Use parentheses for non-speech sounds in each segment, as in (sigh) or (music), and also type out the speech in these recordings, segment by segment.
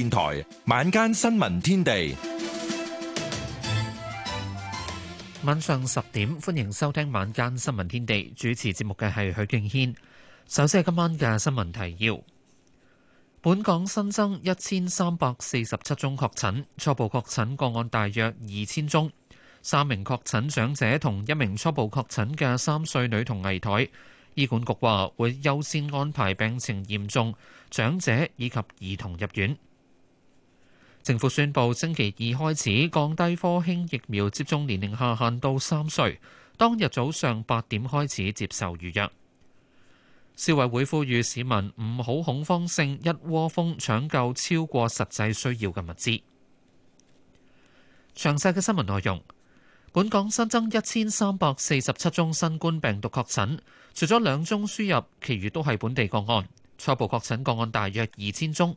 電台晚間新聞天地，晚上十點歡迎收聽晚間新聞天地。主持節目嘅係許敬軒。首先係今晚嘅新聞提要。本港新增一千三百四十七宗確診，初步確診個案大約二千宗。三名確診長者同一名初步確診嘅三歲女童危殆。醫管局話會優先安排病情嚴重長者以及兒童入院。政府宣布，星期二開始降低科興疫苗接種年齡下限到三歲，當日早上八點開始接受預約。消委會呼籲市民唔好恐慌性一窩蜂搶購超過實際需要嘅物資。詳細嘅新聞內容。本港新增一千三百四十七宗新冠病毒確診，除咗兩宗輸入，其餘都係本地個案。初步確診個案大約二千宗。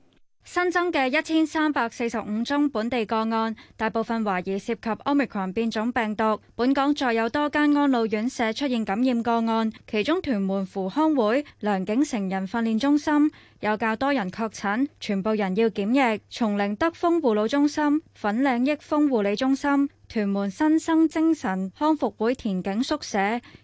新增嘅一千三百四十五宗本地個案，大部分懷疑涉及 omicron 變種病毒。本港再有多間安老院舍出現感染個案，其中屯門扶康會、良景成人訓練中心有較多人確診，全部人要檢疫。松陵德豐護老中心、粉嶺益豐護理中心、屯門新生精神康復會田景宿舍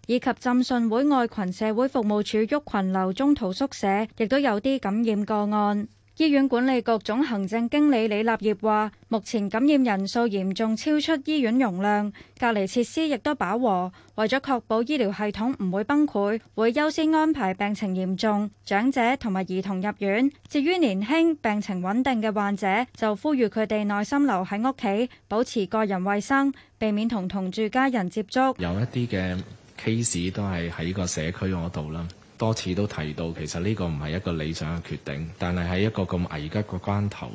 以及浸信會愛群社會服務處郁群樓中途宿舍亦都有啲感染個案。醫院管理局總行政經理李立業話，目前感染人數嚴重超出醫院容量，隔離設施亦都飽和。為咗確保醫療系統唔會崩潰，會優先安排病情嚴重、長者同埋兒童入院。至於年輕、病情穩定嘅患者，就呼籲佢哋耐心留喺屋企，保持個人衛生，避免同同住家人接觸。有一啲嘅 case 都係喺個社區嗰度啦。多次都提到，其實呢個唔係一個理想嘅決定，但係喺一個咁危急嘅關頭，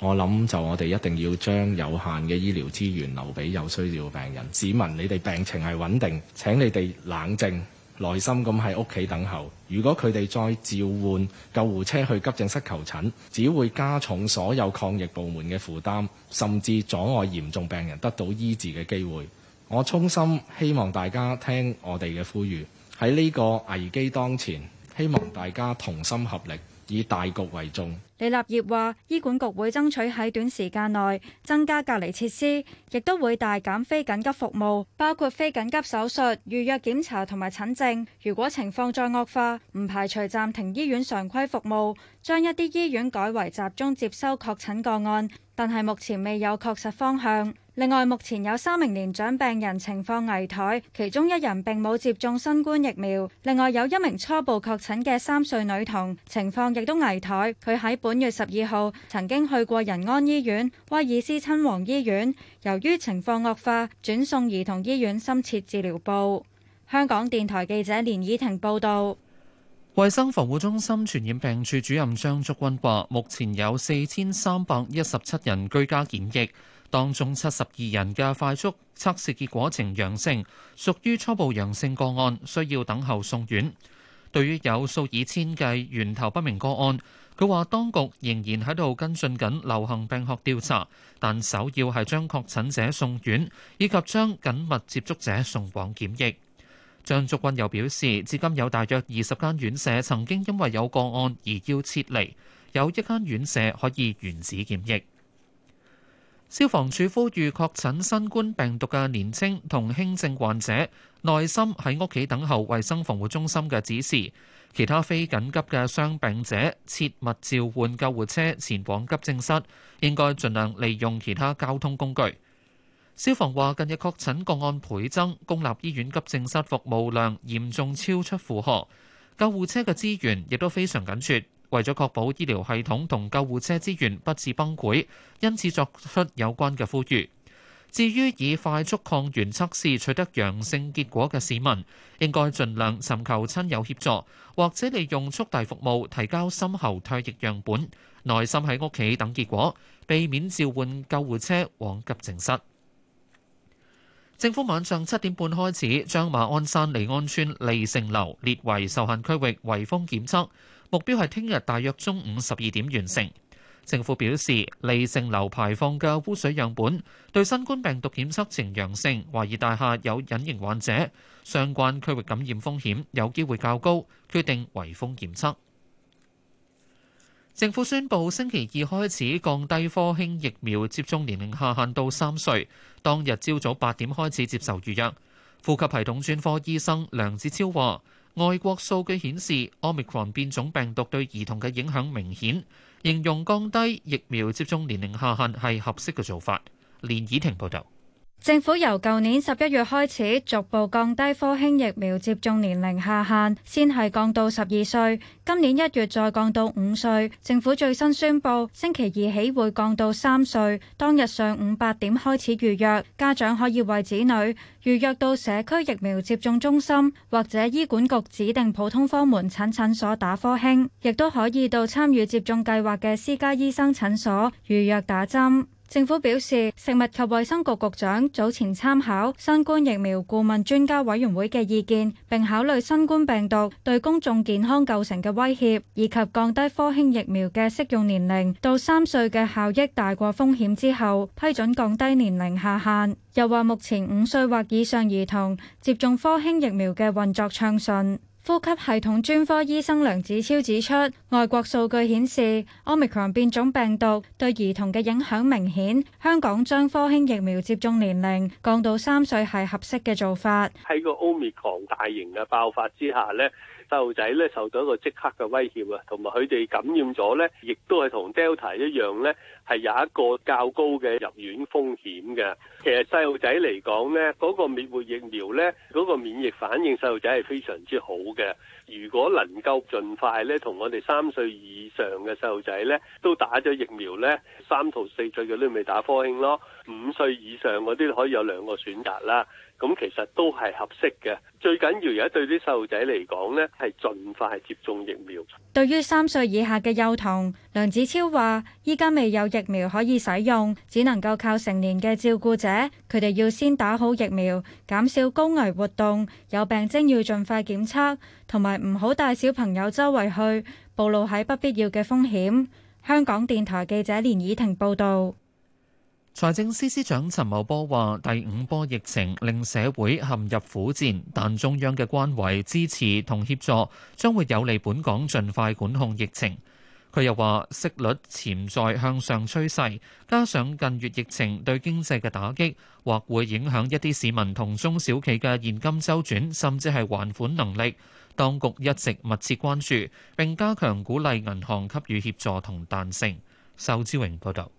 我諗就我哋一定要將有限嘅醫療資源留俾有需要嘅病人。市民，你哋病情係穩定，請你哋冷靜耐心咁喺屋企等候。如果佢哋再召喚救護車去急症室求診，只會加重所有抗疫部門嘅負擔，甚至阻礙嚴重病人得到醫治嘅機會。我衷心希望大家聽我哋嘅呼籲。喺呢個危機當前，希望大家同心合力，以大局為重。李立業話，醫管局會爭取喺短時間內增加隔離設施，亦都會大減非緊急服務，包括非緊急手術、預約檢查同埋診症。如果情況再惡化，唔排除暫停醫院常規服務，將一啲醫院改為集中接收確診個案，但係目前未有確實方向。另外，目前有三名年長病人情況危殆，其中一人並冇接種新冠疫苗。另外有一名初步確診嘅三歲女童情況亦都危殆，佢喺本月十二號曾經去過仁安醫院、威爾斯親王醫院，由於情況惡化，轉送兒童醫院深切治療部。香港電台記者連倚婷報道。衛生防護中心傳染病處主任張竹君話，目前有四千三百一十七人居家檢疫。當中七十二人嘅快速測試結果呈陽性，屬於初步陽性個案，需要等候送院。對於有數以千計源頭不明個案，佢話當局仍然喺度跟進緊流行病學調查，但首要係將確診者送院，以及將緊密接觸者送往檢疫。張竹君又表示，至今有大約二十間院舍曾經因為有個案而要撤離，有一間院舍可以原址檢疫。消防處呼籲確診新冠病毒嘅年青同輕症患者耐心喺屋企等候衛生防護中心嘅指示，其他非緊急嘅傷病者切勿召喚救護車前往急症室，應該盡量利用其他交通工具。消防話，近日確診個案倍增，公立醫院急症室服務量嚴重超出負荷，救護車嘅資源亦都非常緊缺。為咗確保醫療系統同救護車資源不致崩潰，因此作出有關嘅呼籲。至於以快速抗原測試取得陽性結果嘅市民，應該盡量尋求親友協助，或者利用速遞服務提交深喉唾液樣本，耐心喺屋企等結果，避免召喚救護車往急症室。政府晚上七點半開始將馬鞍山利安村利盛樓列為受限區域圍風檢測，圍封檢測。目標係聽日大約中午十二點完成。政府表示，利盛樓排放嘅污水樣本對新冠病毒檢測呈陽性，懷疑大廈有隱形患者，相關區域感染風險有機會較高，決定圍封檢測。政府宣布星期二開始降低科興疫苗接種年齡下限到三歲，當日朝早八點開始接受預約。呼吸系統專科醫生梁子超話。外國數據顯示，Omicron 變種病毒對兒童嘅影響明顯，形容降低疫苗接種年齡下限係合適嘅做法。連怡婷報道。政府由舊年十一月開始逐步降低科興疫苗接種年齡下限，先係降到十二歲，今年一月再降到五歲。政府最新宣布，星期二起會降到三歲。當日上午八點開始預約，家長可以為子女預約到社區疫苗接種中心或者醫管局指定普通科門診診所打科興，亦都可以到參與接種計劃嘅私家醫生診所預約打針。政府表示，食物及衛生局局長早前參考新冠疫苗顧問專家委員會嘅意見，並考慮新冠病毒對公眾健康構成嘅威脅，以及降低科興疫苗嘅適用年齡到三歲嘅效益大過風險之後，批准降低年齡下限。又話目前五歲或以上兒童接種科興疫苗嘅運作暢順。呼吸系統專科醫生梁子超指出，外國數據顯示，Omicron 變種病毒對兒童嘅影響明顯。香港將科興疫苗接種年齡降到三歲係合適嘅做法。喺個 Omicron 大型嘅爆發之下咧。細路仔咧受到一個即刻嘅威脅啊，同埋佢哋感染咗咧，亦都係同 Delta 一樣咧，係有一個較高嘅入院風險嘅。其實細路仔嚟講咧，嗰個滅活疫苗咧，嗰個免疫反應細路仔係非常之好嘅。如果能夠盡快咧，同我哋三歲以上嘅細路仔咧都打咗疫苗咧，三到四歲嘅都未打科興咯，五歲以上嗰啲可以有兩個選擇啦。咁其實都係合適嘅，最緊要而家對啲細路仔嚟講呢係盡快接種疫苗。對於三歲以下嘅幼童，梁子超話：依家未有疫苗可以使用，只能夠靠成年嘅照顧者，佢哋要先打好疫苗，減少高危活動，有病徵要盡快檢測，同埋唔好帶小朋友周圍去，暴露喺不必要嘅風險。香港電台記者連以婷報導。財政司司長陳茂波話：第五波疫情令社會陷入苦戰，但中央嘅關懷支持同協助，將會有利本港盡快管控疫情。佢又話：息率潛在向上趨勢，加上近月疫情對經濟嘅打擊，或會影響一啲市民同中小企嘅現金周轉，甚至係還款能力。當局一直密切關注，並加強鼓勵銀行給予協助同彈性。仇志榮報導。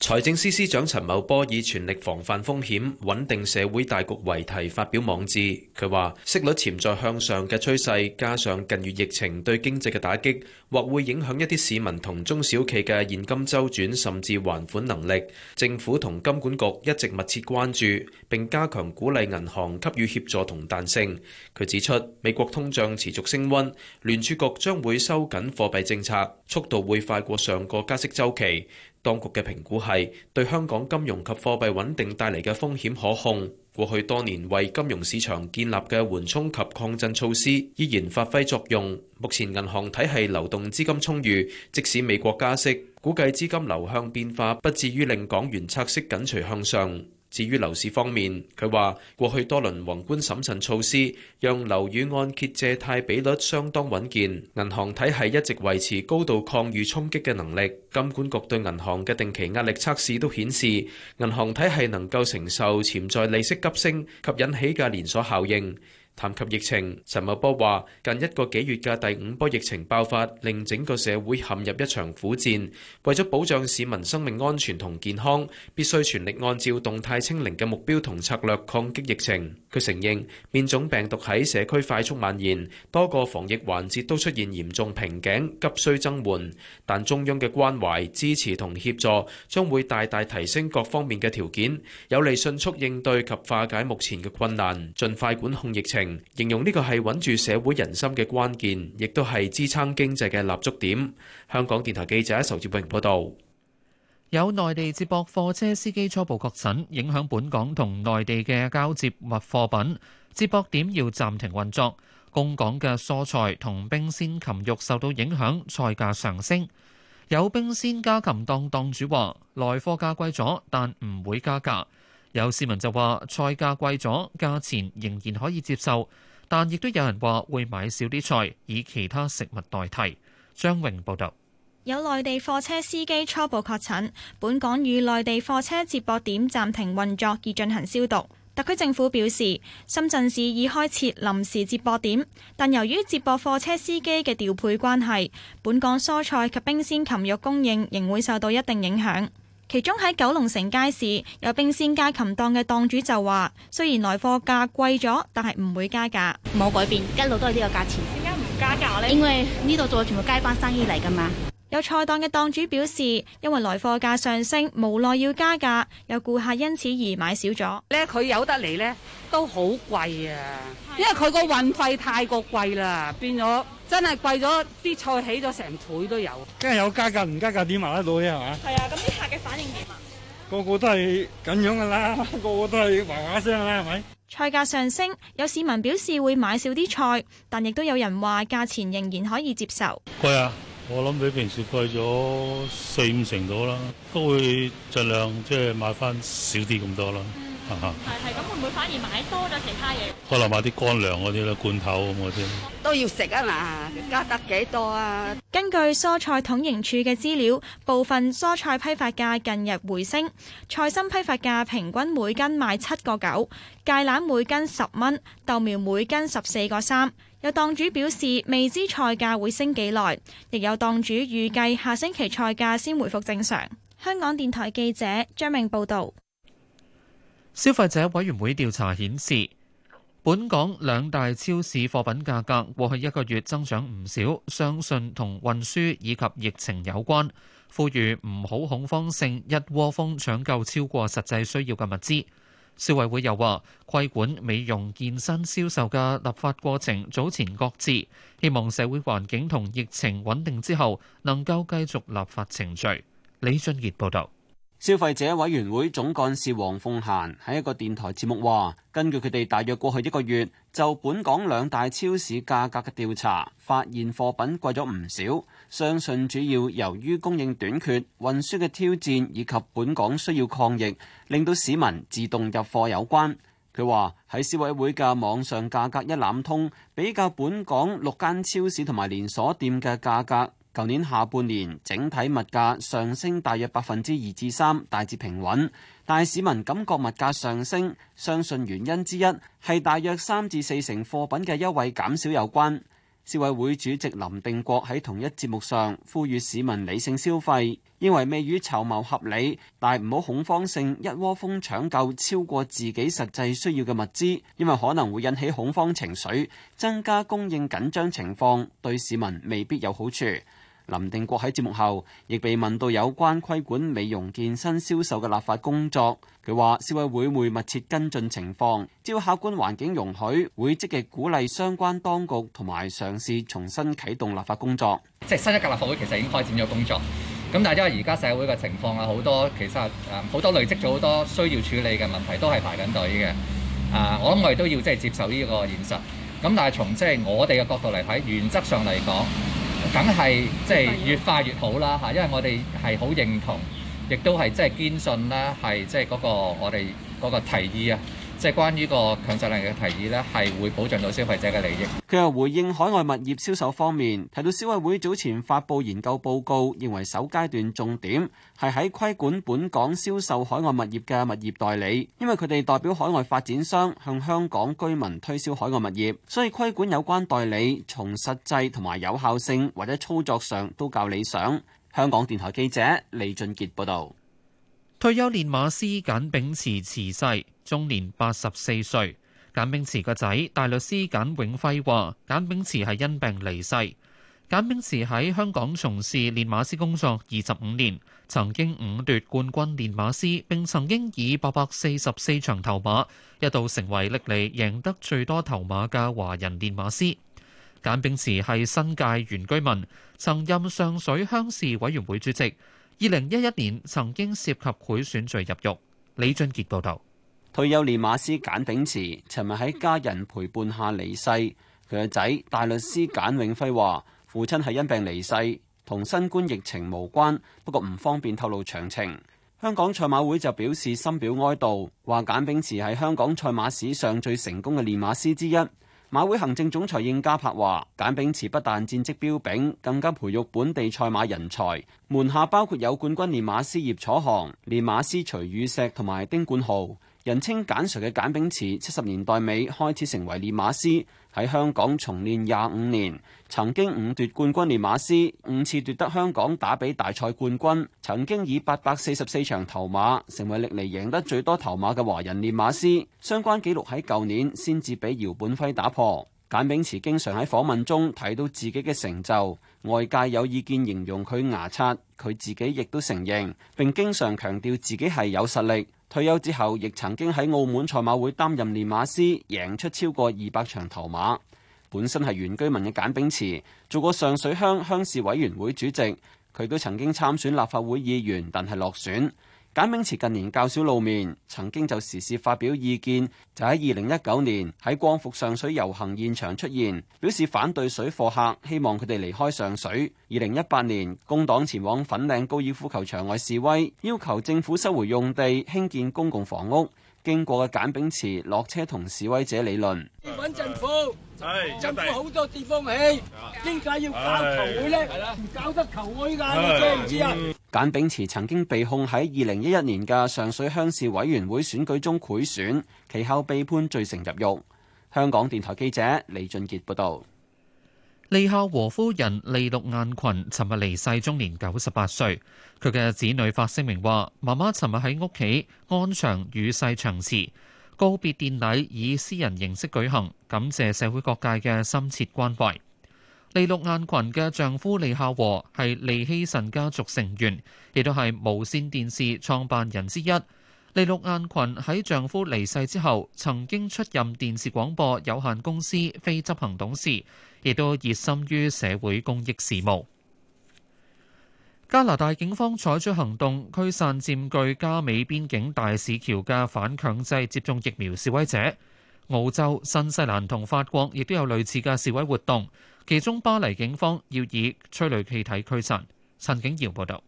財政司司長陳茂波以全力防範風險、穩定社會大局為題發表網誌，佢話息率潛在向上嘅趨勢，加上近月疫情對經濟嘅打擊，或會影響一啲市民同中小企嘅現金周轉，甚至還款能力。政府同金管局一直密切關注，並加強鼓勵銀行給予協助同彈性。佢指出，美國通脹持續升溫，聯儲局將會收緊貨幣政策，速度會快過上個加息周期。當局嘅評估係對香港金融及貨幣穩定帶嚟嘅風險可控，過去多年為金融市場建立嘅緩衝及抗震措施依然發揮作用。目前銀行體系流動資金充裕，即使美國加息，估計資金流向變化不至於令港元拆息緊隨向上。至於樓市方面，佢話過去多輪宏觀審慎措施，讓樓宇按揭借貸比率相當穩健，銀行體系一直維持高度抗御衝擊嘅能力。金管局對銀行嘅定期壓力測試都顯示，銀行體系能夠承受潛在利息急升及引起嘅連鎖效應。談及疫情，陳茂波話：近一個幾月嘅第五波疫情爆發，令整個社會陷入一場苦戰。為咗保障市民生命安全同健康，必須全力按照動態清零嘅目標同策略抗擊疫情。佢承認，變種病毒喺社區快速蔓延，多個防疫環節都出現嚴重瓶頸，急需增援。但中央嘅關懷、支持同協助，將會大大提升各方面嘅條件，有利迅速應對及化解目前嘅困難，盡快管控疫情。形容呢個係穩住社會人心嘅關鍵，亦都係支撐經濟嘅立足點。香港電台記者仇志榮報道，有內地接駁貨車司機初步確診，影響本港同內地嘅交接物貨品，接駁點要暫停運作。供港嘅蔬菜同冰鮮禽肉受到影響，菜價上升。有冰鮮家禽檔檔主話，來貨價貴咗，但唔會加價。有市民就話菜價貴咗，價錢仍然可以接受，但亦都有人話會買少啲菜，以其他食物代替。張榮報道，有內地貨車司機初步確診，本港與內地貨車接駁點暫停運作而進行消毒。特區政府表示，深圳市已開設臨時接駁點，但由於接駁貨車司機嘅調配關係，本港蔬菜及冰鮮禽肉供應仍會受到一定影響。其中喺九龍城街市有冰鮮雞禽檔嘅檔主就話：雖然來貨價貴咗，但係唔會加價，冇改變，一路都係呢個價錢。點解唔加價咧？因為呢度做全部街坊生意嚟㗎嘛。有菜檔嘅檔主表示，因為來貨價上升，無奈要加價，有顧客因此而買少咗咧。佢有得嚟咧都好貴啊，多因為佢個運費太過貴啦，變咗真係貴咗啲菜，起咗成倍都有。跟係有加價唔加價，點買得到咧？係嘛？係啊，咁啲客嘅反應點啊？個個都係咁樣噶啦，個個都係話話聲啦，係咪？菜價上升，有市民表示會買少啲菜，但亦都有人話價錢仍然可以接受，貴啊！我諗比平時貴咗四五成到啦，都會盡量即係買翻少啲咁多啦。嚇，係係。咁會唔會反而買多咗其他嘢？可能買啲乾糧嗰啲咯，罐頭咁嗰啲，都要食啊嘛，加得幾多啊？根據蔬菜統營處嘅資料，部分蔬菜批發價近日回升，菜心批發價平均每斤賣七個九，芥蘭每斤十蚊，豆苗每斤十四個三。有檔主表示未知菜價會升幾耐，亦有檔主預計下星期菜價先回復正常。香港電台記者張明報道，消費者委員會調查顯示，本港兩大超市貨品價格過去一個月增長唔少，相信同運輸以及疫情有關。呼籲唔好恐慌性一窩蜂搶購超過實際需要嘅物資。消委會又話，規管美容健身銷售嘅立法過程早前擱置，希望社會環境同疫情穩定之後，能夠繼續立法程序。李俊傑報導。消費者委員會總幹事黃鳳嫻喺一個電台節目話，根據佢哋大約過去一個月就本港兩大超市價格嘅調查，發現貨品貴咗唔少，相信主要由於供應短缺、運輸嘅挑戰以及本港需要抗疫，令到市民自動入貨有關。佢話喺消委會嘅網上價格一覽通比較本港六間超市同埋連鎖店嘅價格。舊年下半年，整體物價上升大約百分之二至三，大致平穩。但係市民感覺物價上升，相信原因之一係大約三至四成貨品嘅優惠減少有關。消委會主席林定國喺同一節目上呼籲市民理性消費，認為未雨綢繆合理，但唔好恐慌性一窩蜂搶購超過自己實際需要嘅物資，因為可能會引起恐慌情緒，增加供應緊張情況，對市民未必有好處。林定國喺節目後亦被問到有關規管美容健身銷售嘅立法工作，佢話消委會會密切跟進情況，只要客觀環境容許，會積極鼓勵相關當局同埋嘗試重新啟動立法工作。即係新一屆立法會其實已經開展咗工作，咁但係因為而家社會嘅情況啊，好多其實誒好多累積咗好多需要處理嘅問題都係排緊隊嘅。啊，我諗我哋都要即係接受呢個現實。咁但係從即係我哋嘅角度嚟睇，原則上嚟講。梗係即係越快越好啦嚇，因為我哋係好認同，亦都係即係堅信啦。係即係嗰個我哋嗰個提議啊。即係關於個強制令嘅提議咧，係會保障到消費者嘅利益。佢又回應海外物業銷售方面，提到消委會早前發佈研究報告，認為首階段重點，係喺規管本港銷售海外物業嘅物業代理，因為佢哋代表海外發展商向香港居民推銷海外物業，所以規管有關代理從實際同埋有效性或者操作上都較理想。香港電台記者李俊傑報道。退休練馬師簡炳池辭世，中年八十四歲，簡炳墀個仔大律師簡永輝話，簡炳墀係因病離世。簡炳墀喺香港從事練馬師工作二十五年，曾經五奪冠，冠軍練馬師，並曾經以八百四十四場頭馬一度成為歷嚟贏得最多頭馬嘅華人練馬師。簡炳墀係新界原居民，曾任上水鄉事委員會主席。二零一一年曾經涉及賄選罪入獄。李俊傑報道。退休練馬師簡炳墀尋日喺家人陪伴下離世。佢嘅仔大律師簡永輝話：父親係因病離世，同新冠疫情無關。不過唔方便透露詳情。香港賽馬會就表示深表哀悼，話簡炳墀係香港賽馬史上最成功嘅練馬師之一。馬會行政總裁應家柏話：簡炳墀不但戰績彪炳，更加培育本地賽馬人才，門下包括有冠軍練馬師葉楚航、練馬師徐宇石同埋丁冠豪。人稱簡 Sir 嘅簡炳墀，七十年代尾開始成為練馬師，喺香港從練廿五年，曾經五奪冠軍練馬師，五次奪得香港打比大賽冠軍，曾經以八百四十四場頭馬，成為歷來贏得最多頭馬嘅華人練馬師。相關紀錄喺舊年先至被姚本輝打破。簡炳墀經常喺訪問中睇到自己嘅成就，外界有意見形容佢牙刷，佢自己亦都承認，並經常強調自己係有實力。退休之後，亦曾經喺澳門賽馬會擔任練馬師，贏出超過二百場頭馬。本身係原居民嘅簡炳墀，做過上水鄉鄉事委員會主席，佢都曾經參選立法會議員，但係落選。簡炳池近年較少露面，曾經就時事發表意見，就喺二零一九年喺光復上水遊行現場出現，表示反對水貨客，希望佢哋離開上水。二零一八年，工黨前往粉嶺高爾夫球場外示威，要求政府收回用地，興建公共房屋。經過嘅簡炳池落車同示威者理論。要揾政府真係好多地方起，點解要搞球會咧？唔搞得球我依家知唔知啊？簡炳池曾經被控喺二零一一年嘅上水鄉事委員會選舉中賄選，其後被判罪成入獄。香港電台記者李俊杰報道。利孝和夫人利陸雁群尋日離世中，終年九十八歲。佢嘅子女發聲明話：媽媽尋日喺屋企安詳與世長辭。告別典禮以私人形式舉行，感謝社會各界嘅深切關懷。利陸雁群嘅丈夫利孝和係利希慎家族成員，亦都係無線電視創辦人之一。利陸雁群喺丈夫離世之後，曾經出任電視廣播有限公司非執行董事，亦都熱心於社會公益事務。加拿大警方採取行動驅散佔據加美邊境大使橋嘅反強制接種疫苗示威者。澳洲、新西蘭同法國亦都有類似嘅示威活動，其中巴黎警方要以催淚氣體驅散。陳景堯報道。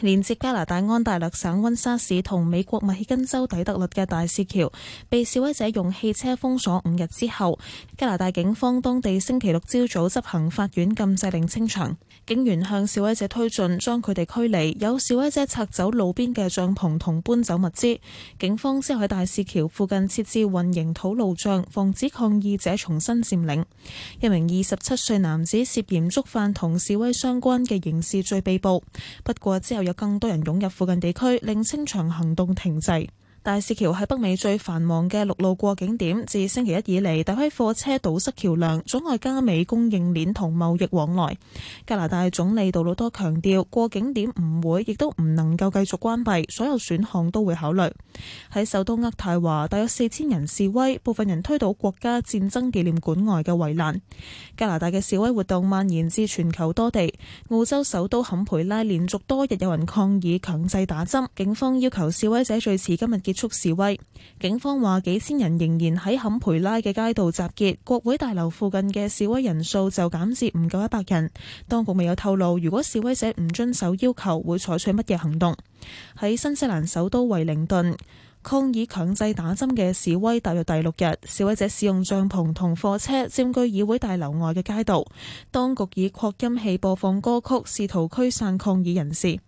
連接加拿大安大略省溫莎市同美國密歇根州底特律嘅大使橋，被示威者用汽車封鎖五日之後，加拿大警方當地星期六朝早執行法院禁制令清場，警員向示威者推進，將佢哋驅離。有示威者拆走路邊嘅帳篷同搬走物資，警方之後喺大使橋附近設置混凝土路障，防止抗議者重新佔領。一名二十七歲男子涉嫌觸犯同示威相關嘅刑事罪被捕，不過之後。有更多人湧入附近地區，令清場行動停滯。大使橋係北美最繁忙嘅陸路過境點，自星期一以嚟，大批貨車堵塞橋梁，阻礙加美供應鏈同貿易往來。加拿大總理杜魯多強調，過境點唔會，亦都唔能夠繼續關閉，所有選項都會考慮。喺首都渥太華，大約四千人示威，部分人推倒國家戰爭紀念館外嘅圍欄。加拿大嘅示威活動蔓延至全球多地，澳洲首都坎培拉連續多日有人抗議強制打針，警方要求示威者最遲今日結結示威，警方話幾千人仍然喺坎培拉嘅街道集結，國會大樓附近嘅示威人數就減至唔夠一百人。當局未有透露，如果示威者唔遵守要求，會採取乜嘢行動。喺新西蘭首都惠靈頓，抗議強制打針嘅示威踏入第六日，示威者使用帳篷同貨車佔據議會大樓外嘅街道，當局以擴音器播放歌曲，試圖驅散抗議人士。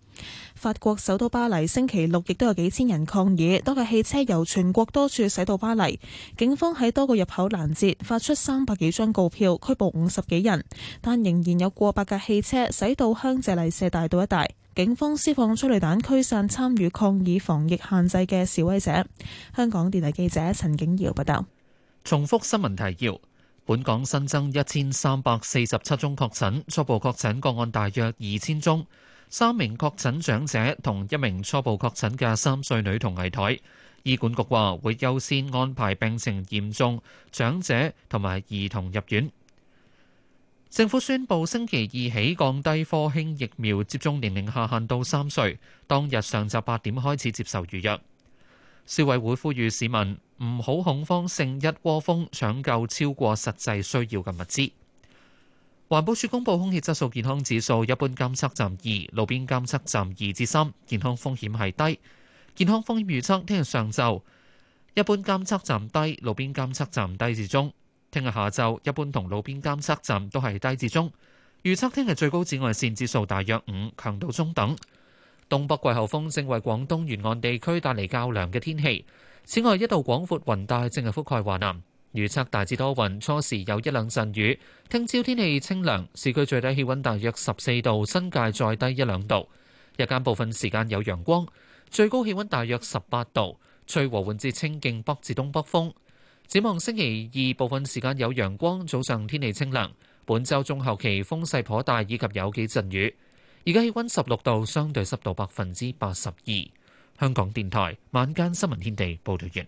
法國首都巴黎星期六亦都有幾千人抗議，多架汽車由全國多處駛到巴黎，警方喺多個入口攔截，發出三百幾張告票，拘捕五十幾人，但仍然有過百架汽車駛到香榭麗舍大道一帶，警方施放催淚彈驅散參與抗議防疫限制嘅示威者。香港電台記者陳景堯報道。重複新聞提要，本港新增一千三百四十七宗確診，初步確診個案大約二千宗。三名確診長者同一名初步確診嘅三歲女童危殆。醫管局話會優先安排病情嚴重長者同埋兒童入院。政府宣布星期二起降低科興疫苗接種年齡下限到三歲，當日上晝八點開始接受預約。消委會呼籲市民唔好恐慌，性一窩蜂蜂搶購超過實際需要嘅物資。環保署公布空氣質素健康指數，一般監測站二，路邊監測站二至三，健康風險係低。健康風險預測聽日上晝，一般監測站低，路邊監測站低至中。聽日下晝，一般同路邊監測站都係低至中。預測聽日最高紫外線指數大約五，強度中等。東北季候風正為廣東沿岸地區帶嚟較涼嘅天氣。此外，一道廣闊雲帶正係覆蓋華南。預測大致多雲，初時有一兩陣雨，聽朝天氣清涼，市區最低氣溫大約十四度，新界再低一兩度。日間部分時間有陽光，最高氣溫大約十八度，吹和緩至清勁北至東北風。展望星期二部分時間有陽光，早上天氣清涼。本週中後期風勢頗大，以及有幾陣雨。而家氣溫十六度，相對濕度百分之八十二。香港電台晚間新聞天地報道完。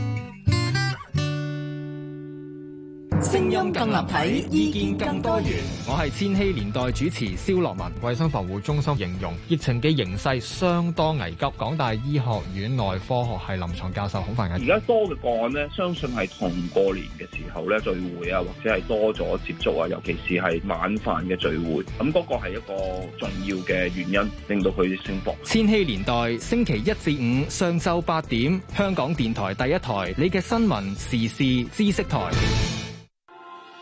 聲音更立體，意見更多元。我係千禧年代主持蕭樂文。衛生防護中心形容疫情嘅形勢相當危急。港大醫學院內科學系臨床教授孔繁毅，而家多嘅個案呢，相信係同過年嘅時候咧聚會啊，或者係多咗接觸啊，尤其是係晚飯嘅聚會，咁、那、嗰個係一個重要嘅原因，令到佢升幅。千禧年代星期一至五上晝八點，香港電台第一台，你嘅新聞時事知識台。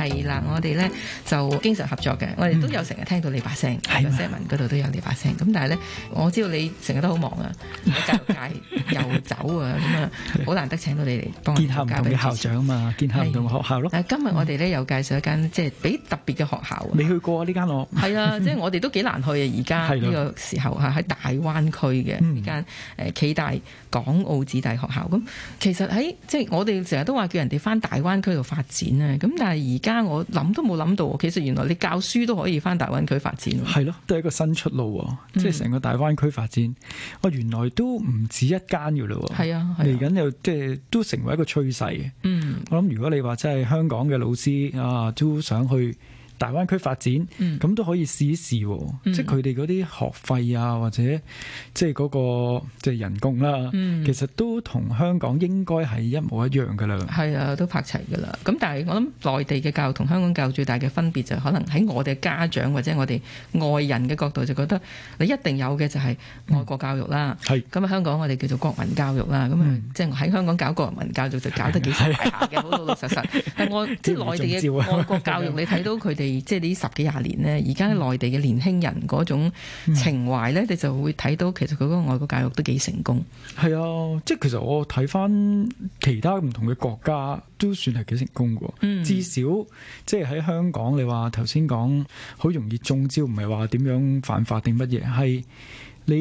係啦，我哋咧就經常合作嘅，我哋都有成日聽到你把聲，喺 Simon 嗰度都有你把聲。咁但係咧，我知道你成日都好忙啊，教育界 (laughs) 又走啊，咁啊，好的難得請到你嚟。建校同嘅校長嘛，建校同學校咯。誒，今日我哋咧又介紹一間即係、就是、比較特別嘅學校、啊。你去過呢、啊、間我？係 (laughs) 啊，即、就、係、是、我哋都幾難去啊！而家呢個時候嚇、啊、喺大灣區嘅呢間誒的、嗯呃、暨大港澳子弟學校。咁其實喺即係我哋成日都話叫人哋翻大灣區度發展啊。咁但係而家。我諗都冇諗到，其實原來你教書都可以翻大灣區發展喎。係咯，都係一個新出路喎，嗯、即係成個大灣區發展。哇，原來都唔止一間㗎咯。係啊，嚟緊、啊、又即係都成為一個趨勢。嗯，我諗如果你話即係香港嘅老師啊，都想去大灣區發展，咁都可以試一試喎，即係佢哋嗰啲學費啊，或者即係嗰個即係人工啦，其實都同香港應該係一模一樣㗎啦。係啊，都拍齊㗎啦。咁但係我諗內地嘅教育同香港教育最大嘅分別就係可能喺我哋家長或者我哋外人嘅角度就覺得你一定有嘅就係愛國教育啦。係。咁啊香港我哋叫做國民教育啦。咁啊即係喺香港搞國民教育就搞得幾招牌好老老實實。係我即係內地嘅愛國教育，你睇到佢哋。即係呢十幾廿年呢，而家內地嘅年輕人嗰種情懷呢，嗯、你就會睇到，其實佢嗰個外國教育都幾成功。係、嗯、啊，即係其實我睇翻，其他唔同嘅國家，都算係幾成功嘅。嗯、至少即係喺香港，你話頭先講，好容易中招，唔係話點樣犯法定乜嘢係。